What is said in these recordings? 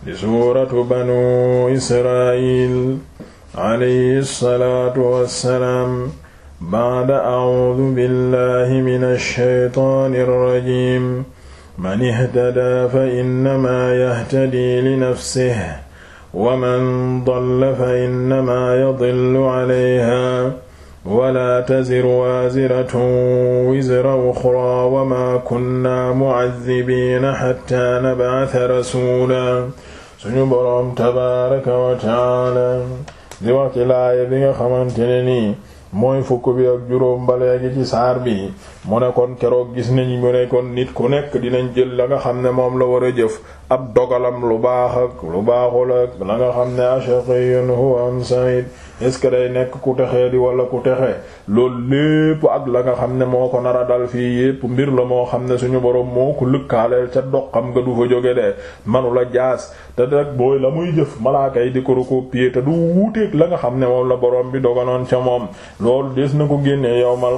di suuratu banu israil alayhi salaatu wassalaam ba'da a'uudu billahi minash shaytaanir rajiim man ihtadaa fa innamaa yahtadii li nafsihi wa man dalla fa innamaa yadillu alayhaa wala taziru waaziratun wizra uxraa wa maa kunnaa mu'azzibiina hattaa nab'asa rasuulaa suñu boroom tabaaraka wa taala di wax ci laaya bi nga xamante ne nii mooy fukk bi ak juróom ba léegi ci saar bi mu ne kon keroog gis nañ mu ne kon nit ku nekk dinañ jël la nga xam ne moom la war a jëf ab dogalam lu baax ak lu baaxul ak la nga xam ne ashaqiyun huwa am sa'id est-ce que day nekk ku texee di wala ku texe loolu lépp ak la nga xam ne moo ko nara dal fii yépp mbir la moo xam ne suñu borom moo ko lëkkaaleel ca doqam nga du fa jóge de la jaas te rek booy la muy jëf malaaka yi di ko recopier te du wuuteeg la nga xam ne moom la borom bi doganoon ca moom loolu des na ko génnee yawmal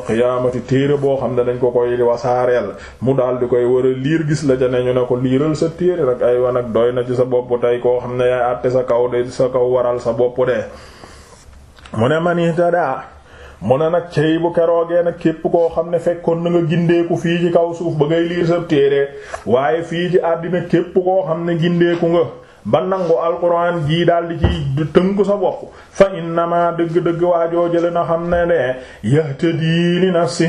xam ne dañ ko koy wasaareel mu daal di koy war a liir gis la ca ne ne ko liiral sa téere nag ay wa nag doy na ci sa bopp tey koo xam ne yaay àtte sa kaw de sa kaw waral sa bopp de mu ne manita daa mu ne nag cey bu keroogee na képp koo xam ne fekkoon na nga gindeeku fii ci kaw suuf ba ngay liir sa téere waaye fii ci àddina képp koo xam ne gindeeku nga ba nangu alquran jii daal di ciy tënku sa bopp fa innama dëgg-dëgg waajoo jële na xam ne ne yahtadi li nafsi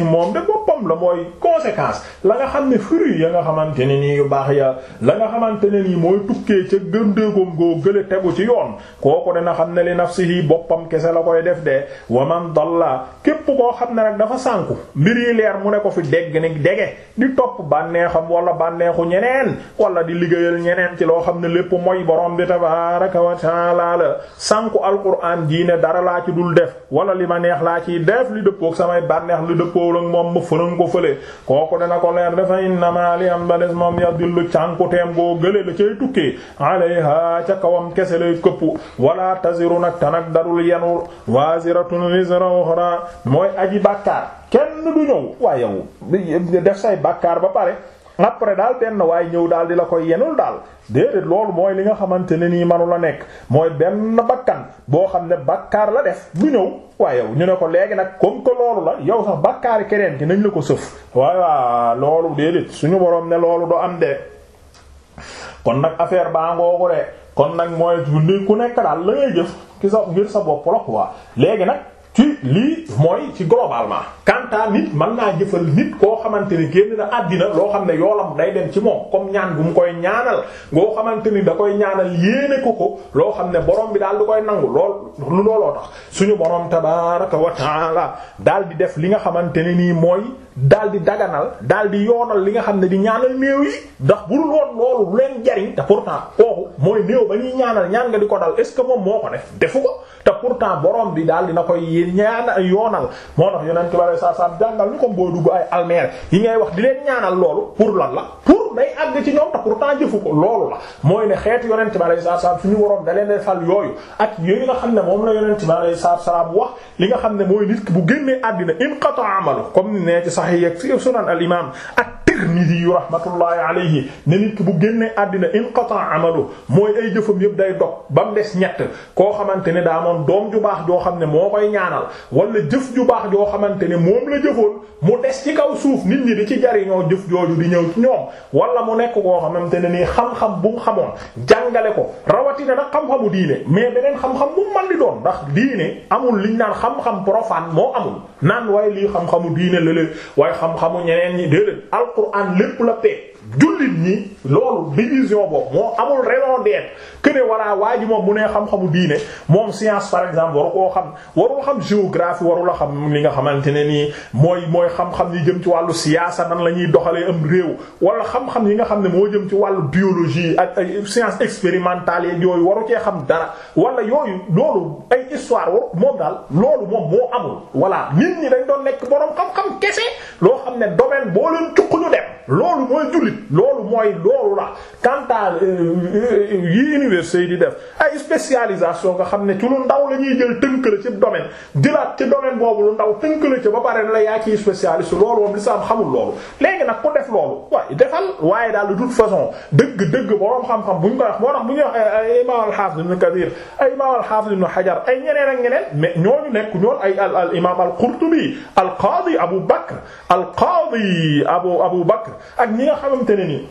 moom la mooy conséquence la nga xam ne fruit ya nga xamante ne nii yu baax ya la nga xamante ne nii mooy tukkee ca gëndéegoom goo gële tegu ci yoon kooku dina xam ne li nafsihi boppam kese la koy def de wa man dalla képp koo xam ne nag dafa sànku mbir yi leer mu ne ko fi dégg ni dege di topp bànneexam walla bànneexu ñeneen wala di liggéeyal ñeneen ci loo xam ne lépp mooy borom bi tabaaraka wa taala la sànku alquran diine dara laa ci dul def wala li ma neex laa def li li dëppoo ak moom jëm ko fële kooku dana ko leer dafa innamaa li am ba des moom yadillu cànkuteem goo gële la cay tukkee alayha ca kawam kese lay këpp wala taziru nag tanak darul yenul waziratun wizra ukhra mooy aji bàkkaar kenn du ñëw waaye yow def say ba pare après daal benn waaye ñëw daal di la koy yenul daal déedéet loolu mooy li nga xamante ne nii manu nekk mooy benn bakkan boo xam ne bakkaar la def bu ñëw waaye yow ñu ne ko léegi nag comme que loolu la yow sax bakkaari keneen ki nañ la ko sëf waaye waa loolu déedéet suñu borom ne loolu do am de kon nag affaire baa ngoogu de kon nag mooy ni ku nekk daal la ngay jëf ki sa ngir sa bopp la quoi léegi nag ci lii mooy ci globalement kanta nit man naa jëfal nit koo xamante ne génn na àddina loo xam ne yoolam day dem ci moom comme ñaan gu mu koy ñaanal ngoo xamante ni da koy ñaanal yéene ko ko loo xam ne borom bi daal du koy nangu lool lu looloo tax suñu borom tabaraka wa taala daal di def li nga xamante ne nii mooy daal di daganal daal di yoonal li nga xam ne di ñaanal néew yi bu dul woon loolu lu leen jariñ kooku mooy néew ba ñuy ñaanal ñaan ko dal est ce que moom moo ko def defu ko te pourtant borom bi daal dina koy ñaanal yoonal moo tax alayhi wasallam jàngal ñu comme boo dugg ay almeer yi ngay wax di leen ñaanal loolu pour lan la pour day àgg ci ñoom te pourtant jëfu ko loolu la mooy ne xeetu yonent bi alayhi wasallam fi ñu waroon da leen defal yooyu ak yooyu nga xam ne moom la yonent bi alayhi wasallam wax li nga xam ne mooy nit ki bu génnee àddina inqata amalu comme ni nee ci sahih ak sunan al imam Tirmidhi yu rahmatullahi alayhi ne nit ki bu génnee àddina inqata amalu mooy ay jëfam yëpp day dog ba des ñett koo xamante ne daa moon doom ju baax joo xam ne moo koy ñaanal wala jëf ju baax joo xamante ne moom la jëfoon mu des ci kaw suuf nit ñi di ci jariñoo jëf jooju di ñëw ñoom wala mu nekk koo xamante ne nii xam-xam bu mu xamoon jàngale ko rawatina nag xam-xamu diine mais beneen xam-xam bu man di doon ndax diine amul liñ naan xam-xam profane moo amul naan waaye lii xam-xamu diine lële waaye xam-xamu ñeneen ñi déedéet alquran lépp la peeg jullit ñi loolu division boobu moom amul raison d'être que ne voilà waa moom mu nee xam-xamu diine moom science par exemple waru koo xam warul xam géographie waru la xam li nga xamante ne nii mooy mooy xam yi jëm ci wàllu siyaasa nan la ñuy doxalee réew wala xam yi nga xam ne moo jëm ci wàllu biologie ak ay science expérimentale yooyu waru cee xam dara wala yooyu loolu ay histoire waru moom daal loolu moom moo amul voilà nit ñi dañ doon nekk borom xam-xam kese loo xam ne domaine boo leen cuq dem loolu mooy jullit loolu mooy loolu la kantaal euh, euh, yi université yi di def ay spécialisation nga xam ne ci ndaw la ñuy jël tënk la ci domaine jëlaat ci domaine boobu lu ndaw tënk la ci ba pare la yaa ciy spécialiste loolu moom lislaam xamul loolu léegi nag ku def loolu waaye daal de toute façon dëgg dëgg borom xam-xam bu ñu ko wax moo tax bu ñuy wax ay eh, eh, imam al-Hafiz ibn Kathir ay imam al-Hafiz ibn Hajar ay ñeneen ak ñeneen mais ñooñu nekk ñoon ay al al imam al-Qurtubi al-Qadi Abu Bakr al-Qadi Abu Abu Bakr ak ñi nga xamante ne nii.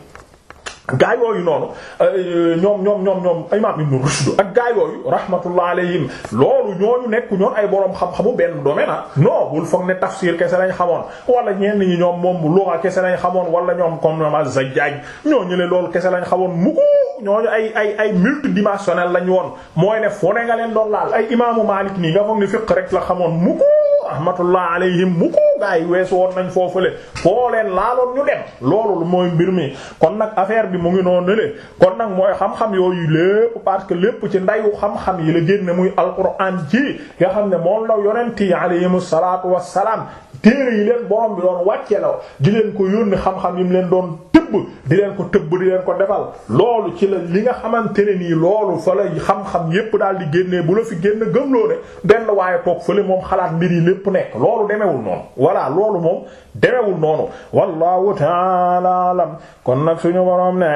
gaa yooyu noonu euh, ñoom ñoom ñoom ñoom imam Ibn Rushd ak gaa yooyu rahmatullah alayhim loolu ñooñu nekk ñoon ay boroom xam-xamu benn domaine ah bul foog ne tafsir kese lañ xamoon wala ñenn ñi ñoom moom lugha kese lañ xamoon wala ñoom comme ñoom az-Zajjaj ñooñu ne loolu kese lañ xamoon mu ko ñooñu ay ay ay multidimensionnel lañ woon mooy ne foo ne nga leen doon laal ay imaamu Maalik nii nga foog ne fiqh rek la xamoon mu ko rahmatullah alayhim mu ko gaa yi weesu woon nañ foofule foo leen laaloon ñu dem loolu mooy mbir mi kon nag affaire bi mu ngi noonu le kon nag mooy xam-xam yooyu lépp parce que lépp ci ndayu xam-xam yi la génne muy alquran ci nga xam ne moom la yonent yi alayhimu salaatu wassalaam téere yi leen borom bi doon wàcce la di leen ko yónni xam-xam yi mu leen doon tëbb di leen ko tëbb di leen ko defal loolu ci la li nga xamante ne nii loolu fa la xam-xam yépp daal di génnee bu la fi génn gëmloo de waaye toog fële xalaat mbir nekk loolu demeewul voilà loolu moom demewul noonu wallahu ta'ala kon nag suñu boroom ne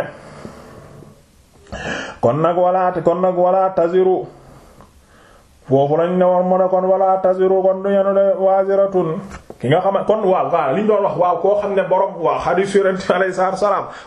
kon nag wala kon nag wala taziru foofu lañ ne war mu ne kon wala taziru kon du ñenu de waziratun ki nga xam kon waaw waaw li ñu doon wax waaw koo xam ne borom waaw xadiis yonent alayhi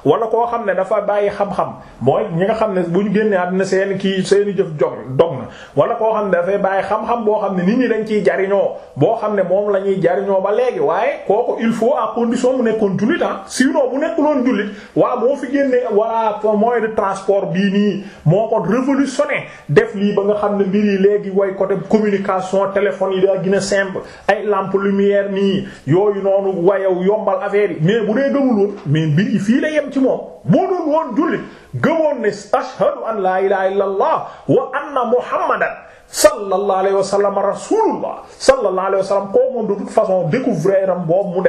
wala koo xam ne dafa bàyyi xam-xam mooy ñi nga xam ne bu ñu génnee àddina seen kii seeni jëf jog dog na wala koo xam ne dafay bàyyi xam-xam boo xam ne nit ñi dañ ciy jariñoo boo xam ne moom la ñuy jariñoo ba léegi waaye kooku il faut à condition mu nekkoon jullit ah sinon bu nekkuloon jullit waaw moo fi génnee wala moyen de transport bii nii moo ko révolutionné def lii ba nga xam ne mbir léegi way côté communication téléphone yi daa gën a ay lampe lumière nii yooyu noonu wayew yombal affaire yi mais bu dee gëmul woon mais mbir fii la yem ci moom bu dul woon jullit gëmoon ne ashhadu an laa ilaha illa allah wa anna muhammadan sallallahu alayhi wa sallam rasulullah sallallahu la wa sallam koo moom de toute façon découvrir am boobu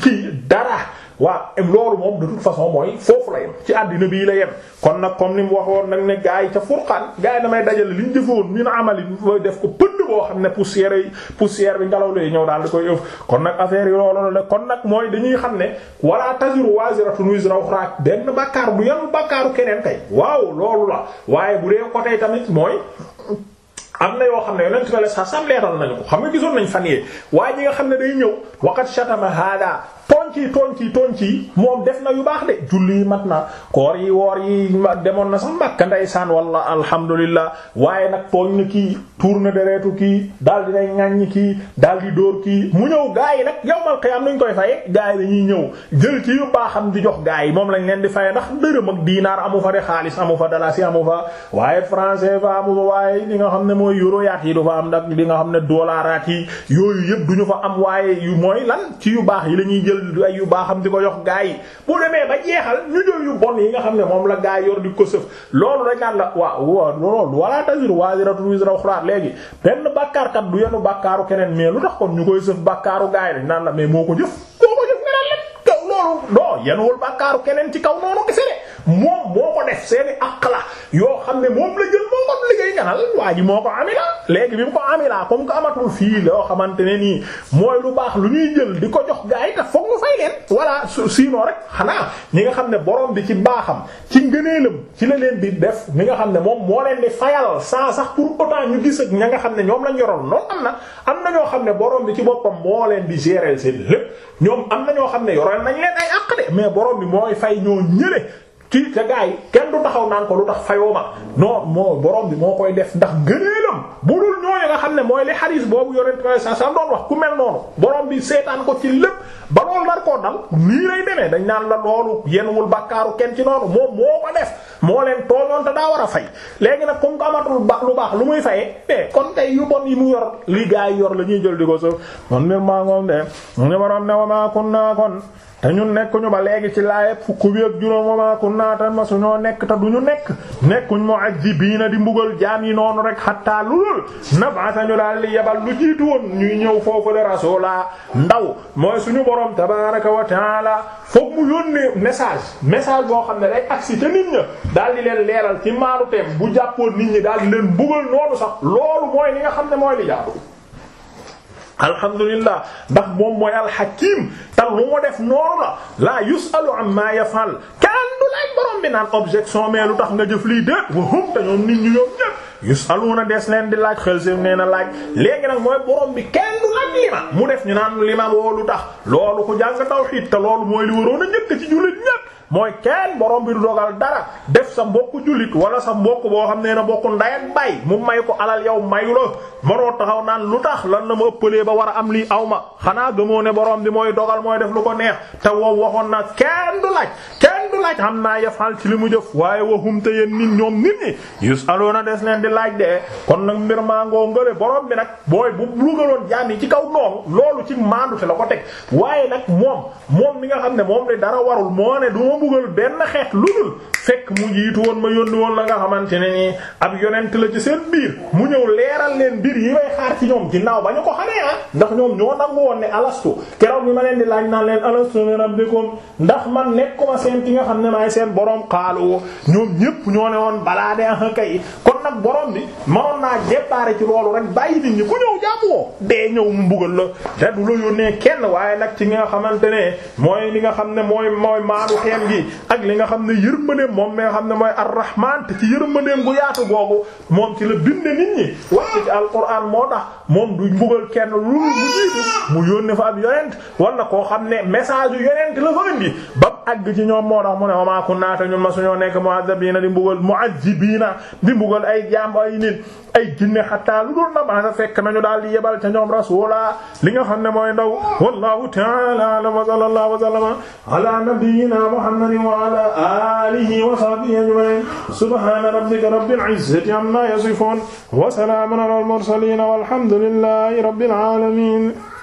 kii dara waa loolu moom de toute façon mooy foofu la yem ci àddina bii la yem kon nag comme ni mu waxoon nag ne gaa yi ca furqaan gaa yi damay dajale li ñu jëfoon min amali def ko pënd boo xam ne poussière yi poussière bi ngelaw lay ñëw daal di koy ëf kon nag affaire yi loolu la kon nag mooy dañuy xam ne wala taziru waziratun wizra ukhra benn bàkkaar bu yanu bàkkaaru keneen kay waaw la waaye bu dee côté tamit mooy am na yoo xam ne yonent bi sa sam leeral ko xam nga gisoon nañ fan yee waaye ñi xam ne day ñëw waqad shatama hada tooñ kii tooñ kii tooñ kii moom def na yu baax de julli yi mat na koor yi woor yi demoon na sax Makka ndeysaan walla alhamdulillah waaye nag tooñ na kii tuur na deretu kii daal di nay ŋàññ kii daal di dóor kii mu ñëw gaa yi nag yawmal qiyaam nuñ koy faye gaa yi dañuy ñëw jël ci yu baaxam di jox gaa yi moom lañ leen di faye ndax dërëm ak diinaar amu fa de xaalis amu fa dalasi amu fa waaye français fa amu fa waaye li nga xam ne mooy euro yaat yi du fa am nag li nga xam ne dollaraat yi yooyu yëpp duñu fa am waaye yu mooy yi lañuy jël jël ay yu baaxam di ko yox gaa yi bu demee ba jeexal ñu jël yu bon yi nga xam ne moom la gaa yor di ko sëf loolu dañ naan la waaw loolu wala taziru waziratun wizra ukhra léegi benn bàkkaarkat du yenu bàkkaaru keneen mais lu tax kon ñu koy sëf bàkkaaru gaa yi dañ naan la mais moo ko jëf koo ko jëf nga naan la loolu non yenuwul bàkkaaru keneen ci kaw noonu gise de moom moo ko def seeni àq la yoo xam ne moom la jël kon liggéey nga naan waa ji moo ko amila léegi bi mu ko amila comme que amatul fii loo xamante ne nii mooy lu baax lu ñuy jël di ko jox gaay te foog mu fay leen voilà sinon rek xanaa ñi nga xam ne borom bi ci baaxam ci ngëneelam ci la leen di def mi nga xam ne moom moo leen di fayal sans sax pour autant ñu nga xam ne ñoom lañ yoroon noonu am na am na ñoo xam ne borom bi ci boppam moo leen di gérer seen lépp ñoom am na ñoo xam ne yoroon nañ leen ay àq de mais boroom bi mooy fay ñoo ñële kii te gars yi kenn du taxaw naan ko lu tax fayoo ma non moo borom bi moo koy def ndax ngëneelam bu dul ñooñu nga xam ne mooy li xaris boobu yonent bi sa sa doon wax ku mel noonu borom bi seetaan ko ci lépp ba loolu nar koo dal nii lay demee dañ naan la loolu yenwul bàkkaaru kenn ci noonu moom moo ko def moo leen tooñoon te daa war a fay léegi nag comme ko amatul ba lu baax lu muy fayee mais eh, kon tey yu bon yi mu yor li gars yi yor la ñuy jël di ko so kon mbir maa te ñun nekkuñu ba léegi ci laayeb fukk bi ak juróom wama kunna tamasuñoo nekk te duñu nekk nekkuñ mu'azzibiina di mbugal jaam yi noonu rek xattaa lulul nab'atha ñu daal li yebal lu jiitu woon ñuy ñëw foofu le rasuula ndaw mooy suñu borom tabaaraka wa taala foog mu yónnee message message boo xam ne day agsi te nit ña daal di leen leeral ci maalu bu jàppoon nit ñi daal di leen mbugal noonu sax loolu mooy li nga xam ne mooy li jàpp alhamdulillah ndax moom mooy alxakim te lu mu def noonu la la yusalu amma yafal kenn du laaj borom bi naan objection mais tax nga jëf lii de wahum te ñoom nit ñi ñoom ñépp yusaluna des leen di laaj xel si nee na laaj léegi nag mooy mu def ñu naan lima lu tax loolu ku jàng tawhid te loolu mooy li waroon a njëkk ci jullit ñépp mooy kenn borom bi du dogal dara def sa mbokku jullit wala sa mbokk boo xam nee na mbokku nday ak bay mu may ko alal yow mayu la maroo taxaw naan lu tax lan na ma ëppalee ba war a am lii aw ma xanaa gëmoo ne borom bi mooy dogal mooy def lu ko neex te wow waxoon na kenn du laaj kenn du laaj am naa yafal ci li mu jëf waaye waxum te yéen nit ñoom nit ñi yus aloona des leen di laaj de kon nag mbir maa ngoo ngële borom bi nag booy bu lugaloon jaam yi ci kaw noonu loolu ci maandute la ko teg waaye nag moom moom mi nga xam ne moom li dara warul moo ne du ma bëggal benn xeet lu dul fekk mu jiitu woon ma yónni woon la nga xamante ne nii ab yonent la ci seen biir mu ñëw leeral leen mbir yi may xaar ci ñoom ginnaaw ba ñu ko xamee ah ndax ñoom ñoo ne alastu keroog mi ma leen di laaj xam ne maay seen borom xaalu ñoom ñépp ñoo ne woon balaa de ah kay kon nag borom bi mënoon naa déparé ci loolu rek bàyyi nit ko ku ñëw ko dee ñëw mu mbugal la te du la yónnee kenn waaye nag ci nga xamante ne mooy li nga xam ne mooy mooy maanu xeem gi ak li nga xam ne yërmandeem moom mi nga xam ne mooy ar-rahmaan te ci yërmandeem gu yaatu googu moom ci la binde nit ñi wax ci alquran moo tax moom du mbugal kenn lu mu mu yónnee fa ab yonent koo xam ne message yu yonent la fa mu ne wa maa kunnaa te ñun ma suñoo nekk mu'azzabiina di mbugal mu'azzibiina di mbugal ay jaam ay nit ay jinne xataa lu dul na baasa fekk nañu daal di yebal ca ñoom rasuula li nga xam ne mooy ndaw wallahu ta'ala a'lam wa sallallahu wa sallama ala nabiyyina muhammadin wa ala alihi wa sahbihi ajma'in subhana rabbika rabbil izzati amma yasifun wa salamun ala al mursalin walhamdulillahi rabbil alamin